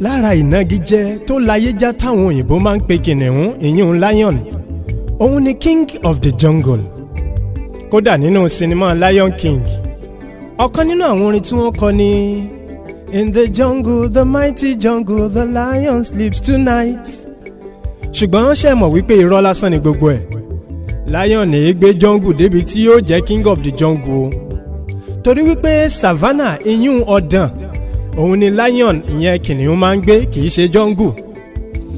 lára ìnagijẹ tó láyéjá táwọn òyìnbó máa ń pe kìnìún ìyún lion òun ni king of the jungle kódà nínú sinimá lion king ọ̀kan nínú àwọn orin tí wọ́n kọ ni. in the jungle the mighty jungle the lion sleeps tonight. ṣùgbọ́n ṣe mọ̀ wípé irọ́ lásán ni gbogbo ẹ̀ lion èé gbé jungle débi tí yóò jẹ́ king of the jungle o torí wípé savannah iyún ọ̀dàn òun ni lion ìyẹn kìnìún máa ń gbé kì í ṣe jungle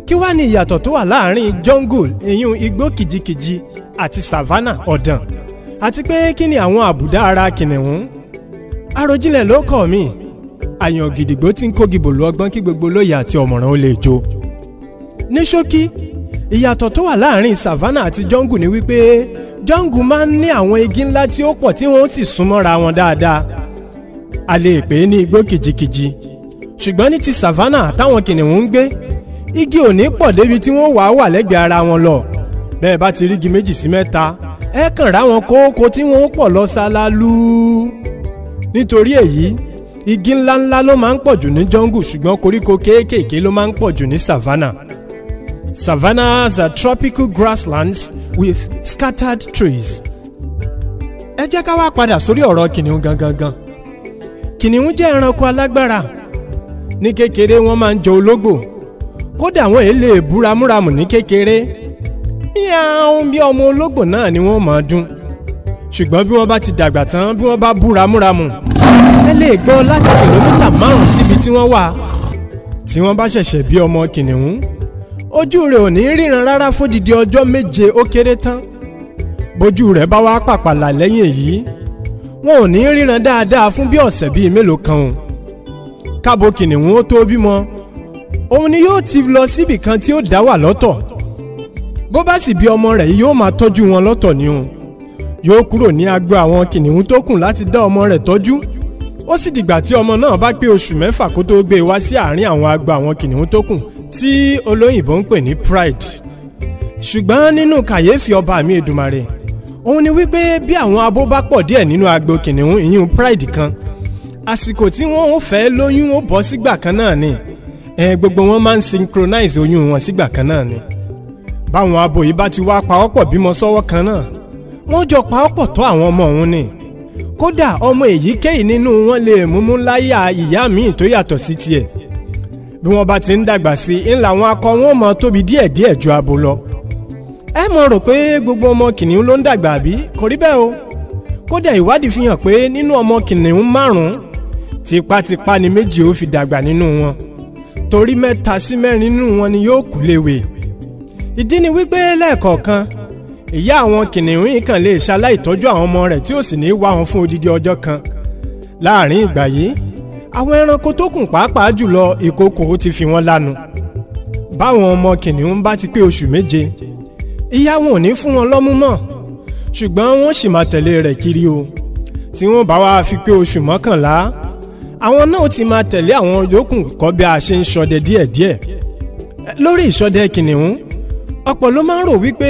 kí wá ní ìyàtọ̀ tó wà láàárín jungle ìyún igbó kìjikìji àti savannah ọ̀dàn àti pé kí ni àwọn àbùdá ara kìnìún àròjinlẹ̀ ló kọ̀ mí àyàn gidigbo ti ń kógibò lu ọgbọ́n kí gbogbo olóye àti ọ̀mọ̀ràn ó lè jó ní ṣókí ìyàtọ̀ tó wà láàárín savannah àti jungle ni wípé jungle máa ń ní àwọn igi ńlá tí ó pọ̀ tí wọ́n sì súnmọ́ra wọn dáadáa a lè pè é ní igbó kìjikìji ṣùgbọ́n ní ti savannah táwọn kìnìún ń gbé igi ò ní pọ̀ débi tí wọ́n wàá wà lẹ́gbẹ̀ẹ́ ara wọn lọ bẹ́ẹ̀ bá ti rígi méjì sí mẹ́ta ẹ kàn ráwọn kóókó tí wọ́n pọ̀ lọ ṣáláàlú nítorí èyí igi ńláńlá ló máa ń pọ̀ jù ní jungle ṣùgbọ́n koríko kéékèèké ló máa ń pọ̀ jù ní savannah savannas are tropical grasslands with scattered trees ẹ jẹ́ ká wá padà sórí ọ̀rọ̀ kìnìún gangan gan. gan, gan kìnìún jẹ́ ẹranko alágbára ní kékeré wọ́n máa ń jọ ológbò kódà wọ́n èé lè bú ramúramù ní kékeré miau bí ọmọ ológbò náà ni wọ́n máa dún ṣùgbọ́n bí wọ́n bá ti dàgbà tán bí wọ́n bá bú ramúramù ẹ lè gbọ́ láti kìlómítà márùn-ún síbi tí wọ́n wà tí wọ́n bá ṣẹ̀ṣẹ̀ bí ọmọ kìnìún ojú rẹ̀ ò ní ríran rárá fódìdí ọjọ́ méje ó kéré tán bójú rẹ̀ bá wá pàpàlà lẹ́yìn èyí wọn ò ní ríran dáadáa fún bí ọ̀sẹ̀ bíi mélòó kan o kábo kìnìún ó tó bímọ òun ni yóò ti lọ síbì kan tí ó dá wà lọ́tọ̀ bó bá sì bí ọmọ rẹ̀ yìí yóò máa tọ́jú wọn lọ́tọ̀ ni o yóò kúrò ní agbo àwọn kìnìún tó kù láti dá ọmọ rẹ̀ tọ́jú ó sì dìgbà tí ọmọ náà bá pé oṣù mẹ́fà kó tó gbé e wá sí àárín àwọn agbo àwọn kìnìún tó kù tí olóyìnbó ń pè ní pride ṣùgbọ́n nínú kàyéfì ọba mi Èdùmàrè òun ni wípé bí àwọn abo bá pọ̀ díẹ̀ nínú agbo kìnìún ìyún pride kan àsìkò tí wọ́n ń fẹ́ lóyún ó bọ́ sígbà kan náà ni ẹ gbogbo wọn máa ń synchronize oyún wọn sígbà kan náà ni báwọn abo yìí bá ti wá pawọ́pọ̀ bímọ sọ́wọ́ kan náà wọ́n jọ pawọ́pọ̀ tọ́ àwọn ọmọ òun ni kódà ọmọ èyíkéyìí nínú wọn lè múmú láyà ìyá míì tó yàtọ̀ sí tiẹ̀ bí wọ́n bá ti ń dàgbà sí i ńlá wọn akọ wọn mọ tóbi díẹ̀díẹ̀ ju abo lọ ẹ mọ̀ rò pé gbogbo ọmọ kìnìún ló ń dàgbà àbí kò rí bẹ́ẹ̀ o kódà ìwádìí fi hàn pé nínú ọmọ kìnìún márùn-ún tipátipá ni méjì ó fi dàgbà nínú wọn torí mẹ́ta sí mẹ́rin nínú wọn ni yóò kú léwe ìdí ni wípé lẹ́ẹ̀kọ̀ọ̀kan ìyá àwọn kìnìún yìí kàn lè ṣaláìtọ́jú àwọn ọmọ rẹ̀ tí ó sì ní í wá wọn fún odidi ọjọ́ kan láàárín ìgbà yìí àwọn ẹranko tó kù pàápàá jùlọ ìkokò ó ti fi wọ́n lánu báwọn ọmọ kìnìún bá ti pé oṣù méje ìyá wọn ò ní fún wọn lọ́mú mọ́ ṣùgbọ́n wọ́n sì máa tẹ̀lé rẹ̀ kiri o tí wọ́n bá wá fi pé oṣù mọ́kànlá àwọn náà ti máa tẹ̀lé àwọn yòókù kọ́ bí a ṣe ń ṣọdẹ díẹ̀díẹ̀ lórí ìṣọdẹ kìnìún ọ̀pọ̀ ló máa ń rò wípé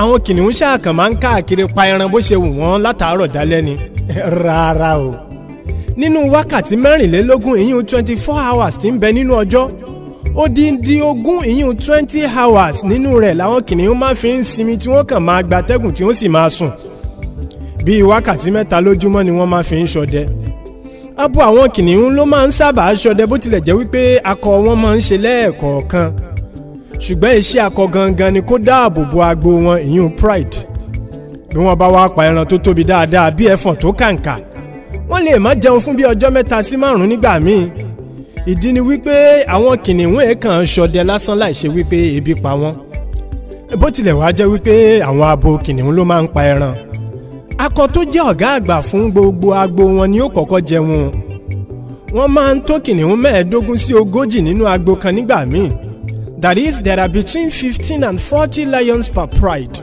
àwọn kìnìún ṣáàkàn máa ń káàkiri pa ẹran bó ṣe wù wọ́n látàárọ̀ dálẹ́ ni rárá o nínú wákàtí mẹ́rìnlélógún ìyún twenty four hours tí ń bẹ nínú ọjọ́ di ogún ìyún twenty hours nínú rẹ̀ làwọn kìnìún máa fi ń sinmi tí wọ́n kàn máa gbatẹ́gùn tí wọ́n sì máa sùn bíi wákàtí mẹ́ta lójúmọ́ ni wọ́n máa fi ń ṣọdẹ abo àwọn kìnìún ló máa ń sábà ṣọdẹ bó tilẹ̀ jẹ́ wípé akọ wọn máa ń ṣe lẹ́ẹ̀kọ̀ọ̀kan ṣùgbọ́n iṣẹ́ akọ gangan ni kó dáàbò bo agbo wọn ìyún pride bí wọ́n bá wá pa ẹran tó tóbi dáadáa bí ẹfọ̀n tó kàǹkà wọ́n lè má jẹun fún bí ọjọ́ mẹ́ta sí márùn-ún nígbà míì ìdí ni wípé àwọn kìnìún èèkàn ṣọdẹ lásán láìṣe wípé ebi pa wọ́n bó tilẹ̀ wá jẹ́ wípé àwọn abo kìnìún ló máa ń pa ẹran akọ tó jẹ́ ọ̀gá àgbà fún gbogbo agbo wọn ni ó kọ́kọ́ jẹun wọ́n máa ń tó kìnìún mẹ́ẹ̀ẹ́dógún sí ogójì nínú agbo kan nígbà míì that is there are between fifteen and forty lions per pride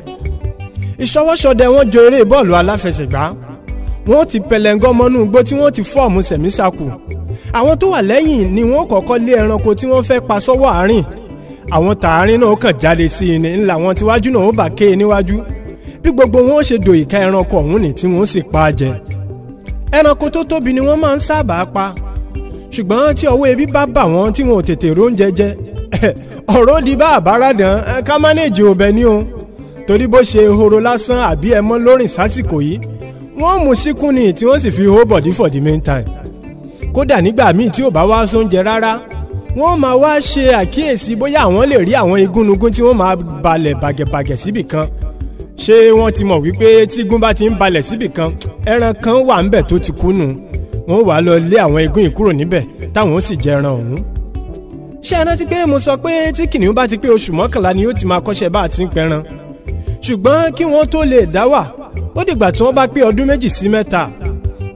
ìṣọwọ́ṣọdẹ wọn jo eré bọ́ọ̀lù aláfẹsẹ̀gbá wọn ti pẹlẹngọ́ mọ́nú igbó tí wọ́n ti fọ́ọ̀mù sẹ̀mísàkù àwọn tó wà lẹ́yìn ni wọ́n kọ́kọ́ lé ẹranko tí wọ́n fẹ́ pa sọ́wọ́ àárín àwọn tààrin náà kàn jáde sí i ní ńlá wọn tíwájú náà ó bà ké e níwájú bí gbogbo wọn ó ṣe dò ìka ẹranko ọ̀hún ni tí wọ́n sì pa á jẹ ẹranko tó tóbi ni wọ́n máa ń sábà pa ṣùgbọ́n tí ọwọ́ ebi bá bà wọ́n tí wọn tètè róúnjẹ jẹ ọ̀rọ̀ di bá àbáradàn ká mánéèjì ọbẹ̀ ni o torí bó ṣe ehoro lásán àbí ẹmọ́ lórìn sásìkò yìí wọ́n mú síkún ni tí wọ́n sì fi hó bọ̀dí for the meantime kódà nígbà míì tí ò bá wá sóúnjẹ rárá wọ́n máa wá ṣe àkíyèsí bóyá àwọn lè rí àwọn igúnnugún tí wọ́n máa balẹ̀ bàgẹ̀bàgẹ̀ síbì kan ṣé wọ́n ti mọ̀ wípé tígun bá ti ń balẹ̀ síbì kan ẹran kan wà ńbẹ̀ tó ti kú nù wọ́n wàá lọ lé àwọn igún yìí kúrò níbẹ̀ táwọn ó sì jẹ ẹran ọ̀hún. ṣé ẹ rántí pé mo sọ pé tí kìnìún bá ti pé oṣù mọ́kànlá ni yóò ti máa kọ́ṣẹ́ bá a ti ń pẹran ṣùgbọ́n kí wọ́n tó lè dá wà ó dìgbà tí wọ́n bá pé ọdún méjì sí mẹ́ta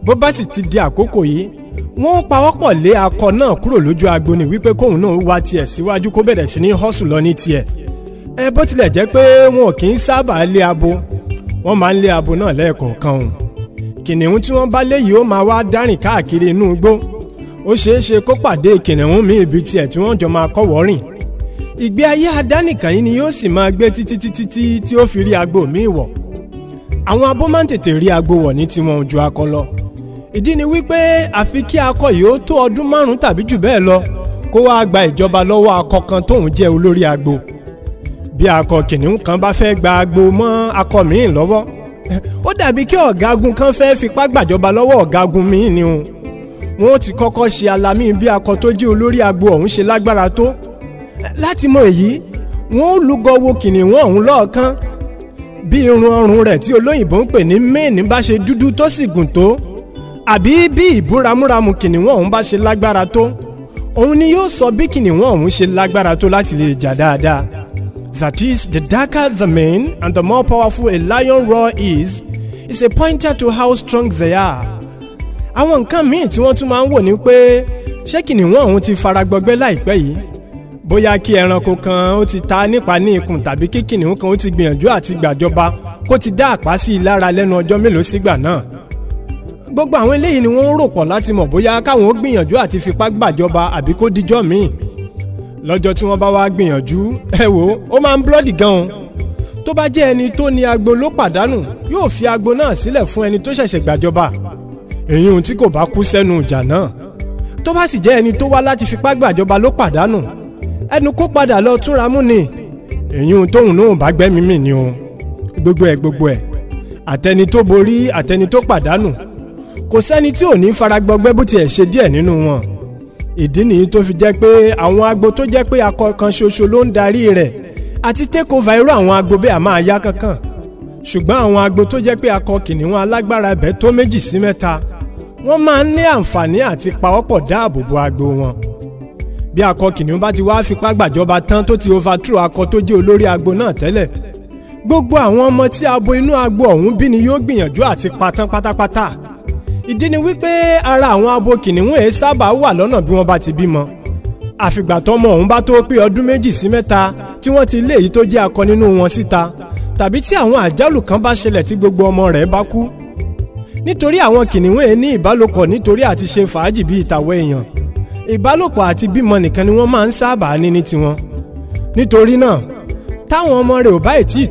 bó bá sì ti di àkókò yìí wọ́n pawọ́pọ̀ lé akọ náà kúrò lójú agbo ni wípé kóun náà wá tiẹ̀ síwájú kó bẹ̀rẹ̀ sí ní họ́sù lọ ní tiẹ̀ ẹ bó tilẹ̀ jẹ́ pé wọn kì í sábà lé abo wọ́n máa ń lé abo náà lẹ́ẹ̀kọ̀ọ̀kan o kìnìún tí wọ́n bá lé yìí ó máa wá dárìn káàkiri inú igbó ó ṣeé ṣe kó pàdé kìnìún míì bíi tiẹ̀ tí wọ́n jọ máa kọ́wọ́ rìn ìgbé ayé adánìkan yìí ni yóò sì máa gbé títí títí tí ó ìdí ni wípé àfi kí akọ yìí ó tó ọdún márùn-ún tàbí jù bẹ́ẹ̀ lọ kó wáá gba ìjọba lọ́wọ́ akọ kan tóun jẹ́ olórí agbo bí akọ kìnìún kan bá fẹ́ gba agbo mọ́ akọ míì lọ́wọ́ ó dàbí kí ọ̀gágun kan fẹ́ fipá gbàjọba lọ́wọ́ ọ̀gágun míì ni òun wọn ti kọ́kọ́ ṣe alamí bí akọ tó jẹ́ olórí agbo ọ̀hún ṣe lágbára tó láti mọ èyí wọn ó lúgọ wo kìnìún ọ̀hún lọ́ọ̀kan bí irun ọrùn rẹ̀ tí olóyìnbó ń pè ní maine bá ṣe dúdú tó sì gùn tó àbí bí ìbúramúramù kìnìún ọ̀hún bá ṣe lágbára tó òun ni yóò sọ bí kìnìún ọ̀hún ṣe lágbára tó láti lè jà dáadáa. That is, the darker the mane and the more powerful a lion roar is, is a pointer to how strong they are. Àwọn nǹkan míì tí wọ́n tún máa ń wò ni pé ṣé kìnìún ọ̀hún ti fara gbọgbẹ́ láìpẹ́ yìí? Bóyá kí ẹranko kan ó ti ta nípa ní ikùn tàbí kí kìnìún kan ó ti gbìyànjú àti gbàjọba kó ti dá àpá sí i lára lẹ́nu ọjọ́ mélòó sígbà náà gbogbo àwọn eléyìí ni wọ́n ń rò pọ̀ láti mọ̀ bóyá káwọn ó gbìyànjú àti fipá gbàjọba àbí kó dijọ́ míì lọ́jọ́ tí wọ́n bá wá gbìyànjú ẹ wò ó máa ń blọ́ọ̀dì gan-an tó bá jẹ́ ẹni tó ní agbo ló pàdánù yóò fi agbo náà sílẹ̀ fún ẹni tó ṣẹ̀ṣẹ̀ gbàjọba èyí ohun tí kò bá kú sẹ́nu ìjà náà tó bá sì jẹ́ ẹni tó wá láti fipá gbàjọba ló pàdánù ẹnu kó padà lọ túnra mú ni èyí ohun tóun náà bá gbẹ́mí mì ni o àtẹni tó borí àtẹni tó pàdánù kò sẹ́ni tí ò ní faragbọgbẹ́ bó tiẹ̀ ṣe díẹ̀ nínú wọn ìdí nìyí tó fi jẹ́ pé àwọn agbo tó jẹ́ pé akọ kan ṣoṣo ló ń darí rẹ̀ àti take over irú àwọn agbo bẹ́ẹ̀ máa yá kankan ṣùgbọ́n àwọn agbo tó jẹ́ pé akọ kìnìún alágbára ẹ̀bẹ̀ tó méjì sí mẹ́ta wọ́n máa ń ní àǹfààní àti pawọ́pọ̀ dáàbò bo agbo wọn bí akọ kìnìún bá ti wá fipá gbàjọba tán tó ti overthrow akọ tó jẹ́ olórí agbo náà tẹ́lẹ̀ gbogbo àwọn ọmọ tí abo inú agbo ọ̀hún bí ni yóò gbìyànjú àti patán pátápátá ìdí ni wípé ara àwọn abo kìnìún èé sábà wà lọ́nà bí wọ́n bá ti bímọ àfìgbà tọmọ ọ̀hún bá tó pé ọdún méjì sí mẹ́ta tí wọ́n ti lé èyí tó jẹ́ akọ nínú wọn síta tàbí tí àwọn àjálù kan bá ṣẹlẹ̀ tí gbogbo ọmọ rẹ̀ bá kú nítorí àwọn kìnìún èé ní ìbálòpọ̀ nítorí àti ṣe fàájì bíi tàwọn èèyàn ìbálòpọ̀ àti bímọ nìkan ni wọ́n máa ń sábà ní ní tiwọn nítorí náà táwọn ọmọ rẹ̀ ò bá tí ì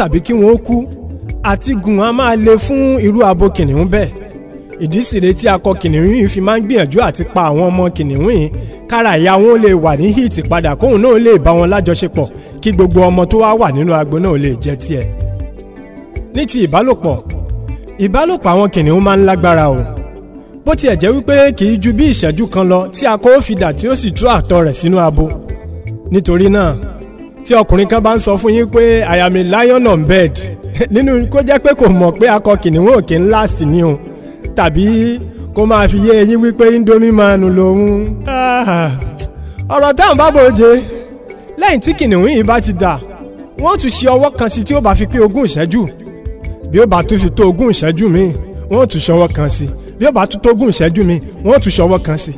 tàbí kí wọ́n ó kú àti gùn á máa le fún irú abo kìnìún ìdí sì rèé tí akọ kìnìún yìí fi máa ń gbìyànjú àti pa àwọn ọmọ kìnìún yìí kára ìyá wọn lè wà ní hìtì padà kóun náà lè bá wọn lájọṣepọ̀ kí gbogbo ọmọ tó wá wà nínú agbo náà lè jẹ tiẹ̀. ní ti ìbálòpọ̀ ìbálòpọ̀ àwọn kìnìún máa ń lágbára o bó tiẹ̀ jẹ́ wípé kì í ju bí ìṣẹ́jú kan lọ tí akọ ó fi dà tí ó sì tú àtọ̀ rẹ̀ sínú abo nítorí náà tí ọkùnrin kan bá ń sọ fún yín pé I am a lion on bed nínú kó jẹ́ pé kò mọ̀ pé akọ kìnìún òkè ńlá sì ni o tàbí kó máa fi yé eyín wípé indomie manu lòun. ọ̀rọ̀ táwọn bá bòde lẹ́yìn tí kìnìún yìí bá ti dà wọ́n tún ṣe ọwọ́ kan sí tí ó bá fi pé ogún ìṣẹ́jú bí ó bá tún fi tó ogún ìṣẹ́jú míì wọ́n tún ṣọwọ́ kan sí bí ó bá tún tógún ìṣẹ́jú míì wọ́n tún ṣọwọ́ kan sí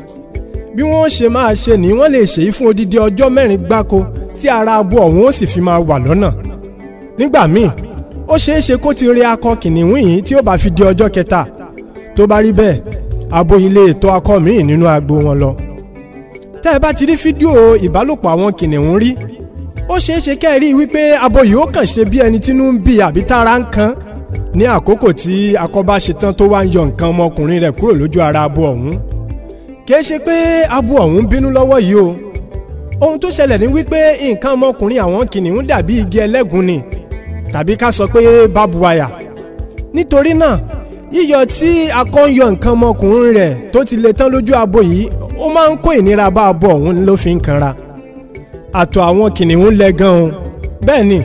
bí wọ́n ṣe máa ṣe ni wọ́n lè ṣèyí fún odidi ọjọ́ mẹ́rin gbáko tí ara abo ọ̀hún ó sì fi máa wà lọ́nà nígbà míì ó ṣeé ṣe kó ti re akọ kìnìún yìí tí ó bá fi di ọjọ́ kẹta tó bá rí bẹ́ẹ̀ abo ilé ètò akọ míì nínú agbo wọn lọ. tẹ́ ẹ bá ti rí fídíò ìbálòpọ̀ àwọn kìnìún rí ó ṣeé ṣe kẹ́ ẹ rí i wípé abo yìí ó kàn ṣe bí ẹni tínú ń bí àbí tára ń kan ní àkókò tí akọ bá ṣetán tó wá ń yọ nǹkan ọmọkùnrin rẹ̀ kúrò lójú ara abo ọ̀hún kìí ṣe pé abo ọ̀hún bínú lọ́wọ́ yìí o ohun tó ṣẹlẹ̀ ni wípé nǹkan ọmọkùnrin àwọn kìnìún dàbí igi ẹlẹ́gùn ni tàbí ká sọ pé bábuwayà nítorí náà yíyọ tí akọ ń yọ nǹkan ọmọkùnrin rẹ̀ tó ti le tán lójú abo yìí ó máa ń kó ìnira bá abo ọ̀hún ló fi ń kanra àtọ̀ àwọn kìnìún lẹ gan-an bẹ́ẹ̀ ni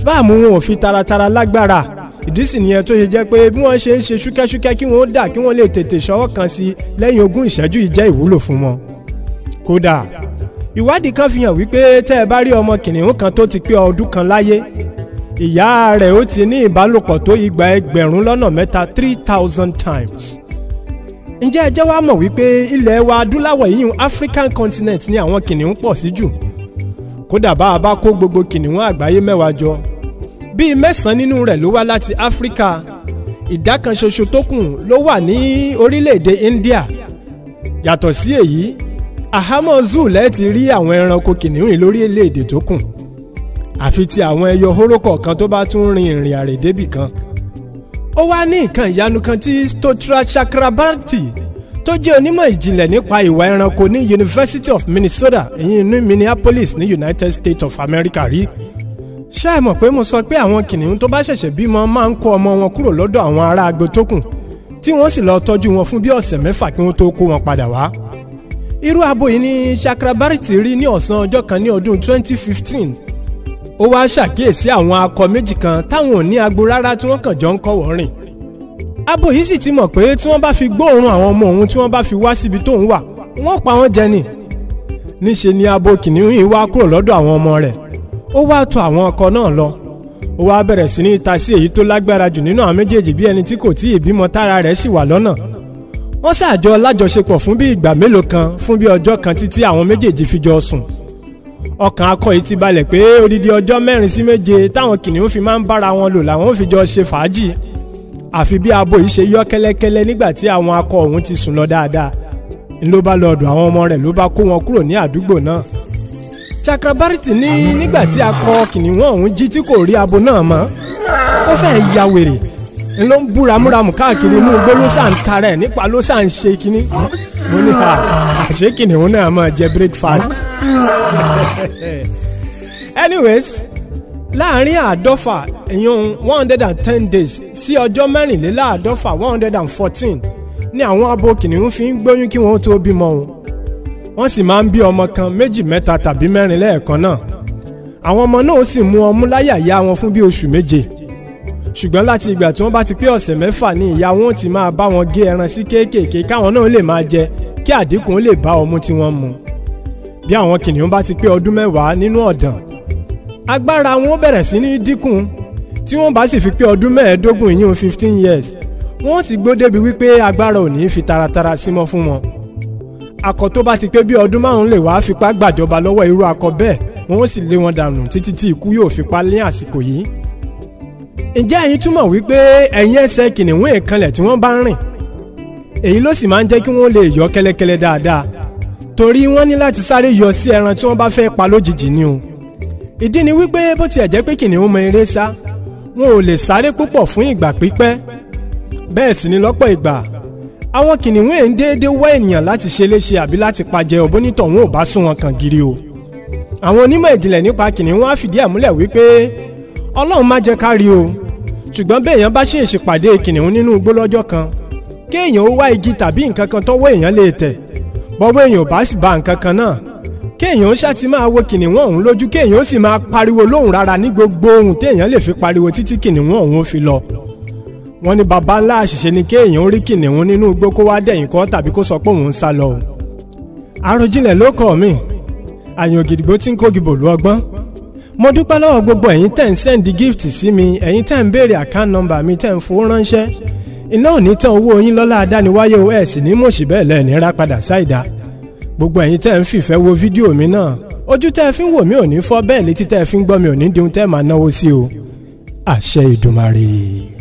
spáàmù wọn ò fi taratara lágbára ìdí sì nìyẹn tó ṣe jẹ́ pé bí wọ́n ṣe ń ṣe ṣúkẹ́ṣúkẹ́ kí wọ́n dà kí wọ́n lè tètè ṣọwọ́ kan sí lẹ́yìn ogún ìṣẹ́jú yìí jẹ́ ìwúlò fún wọn. kódà ìwádìí kan fi hàn wípé tẹ́ ẹ bá rí ọmọ kìnìún kan tó ti pé ọdún kan láyé ìyá rẹ̀ ó ti ní ìbálòpọ̀ tó igba ẹgbẹ̀rún lọ́nà mẹ́ta three thousand times. ǹjẹ́ ẹ jẹ́ wá mọ̀ wípé ilẹ̀ wa adúláwọ̀ yíyún African continent ni àwọn kìnìún pọ̀ sí jù kódà bá a bá kó gbogbo kìnìún àgbáyé mẹ́wàá jọ bíi mẹ́sàn-án nínú rẹ̀ ló wá láti Áfíríkà ìdá kan ṣoṣo tó kù ló wà ní orílẹ̀-èdè India yàtọ̀ sí èyí àhámọ́ zoo lẹ́ẹ̀ ti rí àwọn ẹranko kìnìún lórí orílẹ̀-èdè tó kù àfi ti àwọn ẹyọ hóró kọ̀ọ̀kan tó bá tún rin ìrìn àrè débì kan. ó wá ní nǹkan ìyanu kan tí Stotra Chakrabarti tó jẹ́ onímọ̀ ìjìnlẹ̀ nípa ìwà ẹranko ní University of Minnesota èyí ní Minneapolis ní United States of America rí ṣé ẹ mọ̀ pé mo sọ pé àwọn kìnìún tó bá ṣẹ̀ṣẹ̀ bímọ máa ń kó ọmọ wọn kúrò lọ́dọ̀ àwọn ará agbo tó kù tí wọ́n sì lọ tọ́jú wọn fún bí ọ̀sẹ̀ mẹ́fà kí wọ́n tó kó wọn padà wá. irú abo yìí ni Chakrabarti rí ní ọ̀sán ọjọ́ kan ní ọdún 2015 ó wá ṣàkíyèsí àwọn akọ méjì kan táwọn ò ní agbo rárá tí wọ́n kàn jọ ń kọ́wọ́ rìn abo yìí sì ti mọ̀ pé tí wọ́n bá fi gbóòórùn àwọn ọmọ òun tí wọ́n bá fi wá síbi tóun wà wọ́n pa wọ́n jẹ ni níṣe ni abo kìnìún yìí wá kúrò lọ́dọ̀ àwọn ọmọ rẹ̀ ó wá tọ̀ àwọn akọ náà lọ ó wá bẹ̀rẹ̀ sí ní ta sí èyí tó lágbára jù nínú àwọn méjèèjì bí ẹni tí kò tí ì tára rẹ̀ sì wà lọ́nà wọ́n ṣàjọ lájọṣepọ̀ fún bí ìgbà mélòó kan fún bí ọjọ́ kan títí àwọn méjèèjì fi jọ sùn ọkàn akọ yìí ti balẹ̀ pé odidi ọjọ́ mẹ́rin sí méje táwọn kìnìún fi máa ń bára wọn lò làwọn fi jọ ṣe fàájì àfi bí abo yìí ṣe yọ́ kẹ́lẹ́kẹ́lẹ́ nígbà tí àwọn akọ ọ̀hún ti sùn lọ dáadáa ló bá lọ ọ̀dọ̀ àwọn ọmọ rẹ̀ ló bá kó wọn kúrò ní àdúgbò náà Chakrabarti ní nígbà tí akọ kìnìún ọ̀hún jí tí kò rí abo náà mọ́ ó fẹ́ẹ́ ya wèrè n ló ń búra múramù káàkiri inú igbó ń tara nípa ló ń ṣe kínní mo ní àṣé kìnìún náà máa jẹ breakfast. anyways láàrin àádọ́fà ìyún one hundred and ten days sí ọjọ́ mẹ́rìnléláàádọ́fà one hundred and fourteen ni àwọn abo kìnìún fi ń gbóyún kí wọ́n tó bímọ òun wọ́n sì máa ń bí ọmọ kan méjì mẹ́ta tàbí mẹ́rin lẹ́ẹ̀kan náà àwọn ọmọ náà sì mú ọmú láyà ìyá wọn fún bí oṣù méje ṣùgbọ́n láti ìgbà tí wọ́n bá ti pé ọ̀sẹ̀ mẹ́fà ni ìyá wọn ti máa bá wọn gé ẹran sí kéékèèké káwọn náà lè máa jẹ kí àdínkù lè bá ọmú tí wọ́n mu bí àwọn kìnìún bá ti pé ọdún mẹ́wàá nínú ọ̀dàn agbára wọn bẹ̀rẹ̀ sí ní dínkù tí wọ́n bá sì fi pé ọdún mẹ́ẹ̀ẹ́dógún ìyún fifteen years wọ́n ti gbó débi wípé agbára ò ní fi taratara símọ́ fún wọn akọ tó bá ti pé bí ọdún márùn lè wá fipá gbàjọba lọ́wọ́ irú akọ bẹ́ẹ̀ wọ́n sì lé wọn dànù títí tí ikú yóò fipá lé àsìkò yìí ǹjẹ́ ẹ̀yin túmọ̀ wípé ẹ̀yin ẹsẹ̀ kìnìún ìkanlẹ̀ tí wọ́n bá ń rìn èyí ló sì máa ń jẹ́ kí wọ́n lè yọ kẹ́lẹ́kẹ́lẹ́ dáadáa torí wọ́n ní láti sáré yọ sí ẹran tí wọ́n bá fẹ́ pa lójijì ni o ìdí ni wípé bó tiẹ̀ jẹ́ pé kìnìún mọ eré sá wọn ò lè sáré púpọ̀ fún ìgbà pípẹ́ bẹ́ẹ̀ sì ni lọ́pọ̀ ìgbà àwọn kìnìún èyí déédéé wá ènìyàn láti ṣe léṣe àbí láti pajẹ òbónítọ̀ wọn ò bá sún wọn kàn gírí o àwọn onímọ̀ ìjìnlẹ̀ nípa kìnìún á fìdí ẹ̀ múlẹ̀ wípé ọlọ́run má jẹ́ ká rí o ṣùgbọ́n béèyàn bá ṣèèṣì pàdé kìnìún nínú igbó lọ́jọ́ kan kéèyàn ó wá igi tàbí nǹkan kan tọ́wọ́ èèyàn lè tẹ̀ bọ́wọ́ èèyàn bá sì ba nǹkan kan náà kéèyàn ó ṣáà ti máa wo kìnìún ọ̀hún lójú kéèyàn ó sì máa pariwo lóhùn rárá ní gbogbo ohun téèyàn lè fi pariwo títí kìnìún ọ̀hún ó fi lọ wọ́n ní baba ńlá àṣìṣe ni kéèyàn rí kìnìún nínú igbó kó wá dẹ̀yìn kọ́ tàbí kó sọ pé òun ń sá lọ o. ló kọ́ mi àyàn ògìdìgbò tí ń kógi bòlú ọgbọ́n mo dúpẹ́ lọ́wọ́ gbogbo ẹ̀yin tẹ̀ ń send gift sí mi ẹ̀yin tẹ̀ ń béèrè account number mi tẹ̀ ń fowó ránṣẹ́ iná ò ní tán owó yín lọ́lá adániwáyé o ẹ̀ sì ní mòṣì bẹ́ẹ̀ lẹ́ẹ̀ni rá padà ṣáìdá gbogbo ẹ̀yin tẹ́ ń fìfẹ́ wo fídíò mi náà ojú tẹ́ fi ń wò mí ò ní fọ́ bẹ́ẹ̀ létí tẹ́ fi ń gbọ́ mi ò ní dihun tẹ́ máa náwó sí o àṣẹ Èdùmàrè.